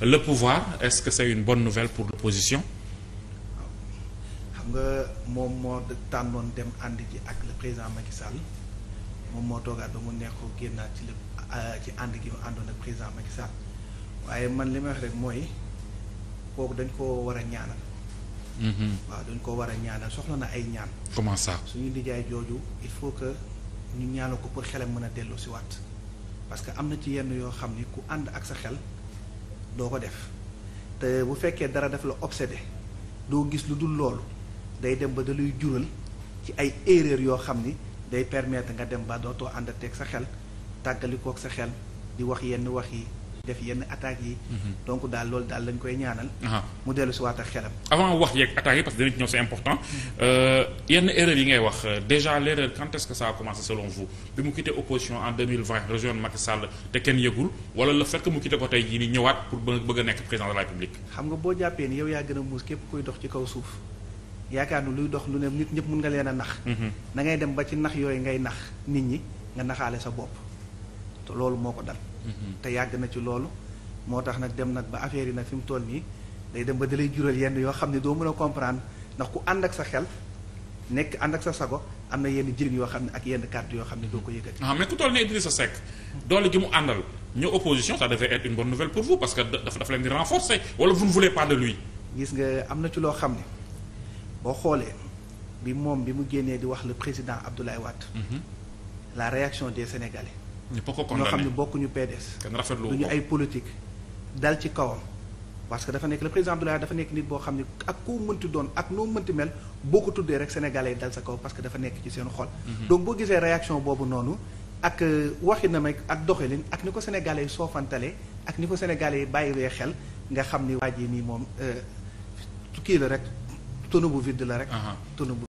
le pouvoir est-ce que c'est une bonne nouvelle pour l'opposition xam nga moom moo tànnoon dem ànd ji ak le présent Macky moom moo toogaat ba mu nekkoo génnaat ci lépp euh, ci ànd gi mu àndoon ak président Macky Sall waaye man li may wax rek mooy kooku dañ ko war a ñaanal. Mhm. waaw dañ ko war a ñaanal soxla na ay ñaan. comment ça suñu lijaay jooju il faut que ñu ñaanal ko pour xelam mën a dellu si waat parce que am na ci yenn yoo xam ni ku ànd ak sa xel. doo ko def te bu fekkee dara daf la obsédé doo gis lu dul lool day dem ba da jural ci ay erreur yoo xam ni day permettre nga dem ba dootoo ànd ak sa xel tàggalikook sa xel di wax yenn wax yi def yenn attaques yi. Mhm. donc daal loolu daal lañ koy ñaanal. mu dellu si waat ak xelam. avant wax yeeg attaques yi parce que dinañ ci ñëw c'est important mhm. euh, yenn erreur yi ngay wax euh, déjà l'erreur quand est-ce que ça a commencé selon vous bi mu quitté opposition en 2020 rejoindre Macky Sall te kenn yëgul wala le fait que ko tey jii ni ñëwaat pour bëgg a nekk président de la République. xam nga boo jàppee ni yow yaa gën a muus képp kuy dox ci kaw suuf. yaakaar na luy dox lu ne nit ñëpp mun nga leen nax. da mhm. ngay dem ba ci nax yooyu ngay nax nit ñi nga naxaale sa bopp. te loolu moo ko dal. Mm-hmm. te yàgg na ci loolu. moo tax nag dem nag ba affaire yi nag fi mu tool nii day dem ba dalay jural yenn yoo xam ne doo mën a comprendre ndax ku ànd ak sa xel nekk ànd ak sa sago am na yenn jëriñ yoo xam ne ak yenn carte yoo xam ne doo ko yëkkati. ah mais ku toll ne Idrissa Seck doole gi mu àndal ñëw opposition ça devait être une bonne nouvelle pour vous parce que dafa dafa leen di renforcer wala vous ne voulez de lui. gis nga am na ci loo xam ne boo xoolee bi moom bi mu génnee di wax le président Abdoulaye Wade. Mm-hmm. la des Sénégalais. ñëpp ko xam ne bokkuñu PDS. kenn rafetlu duñu ay politique dal ci kawam. parce que dafa nekk le président Abdoulaye dafa nekk nit boo xam ne ak koo mënti doon ak noo mënti mel boo ko tuddee rek sénégalais yi dal sa kaw parce que dafa nekk ci seen xol. Mhm. donc boo gisee réaction boobu noonu. ak euh, waxi na meg ak doxalin ak ni ko sénégalais yi soofantalee ak ni ko sénégalais yi bàyyiwee xel nga xam ni waa yi nii moom euh, kii la rek tonneau bu vide la rek. tonneau bu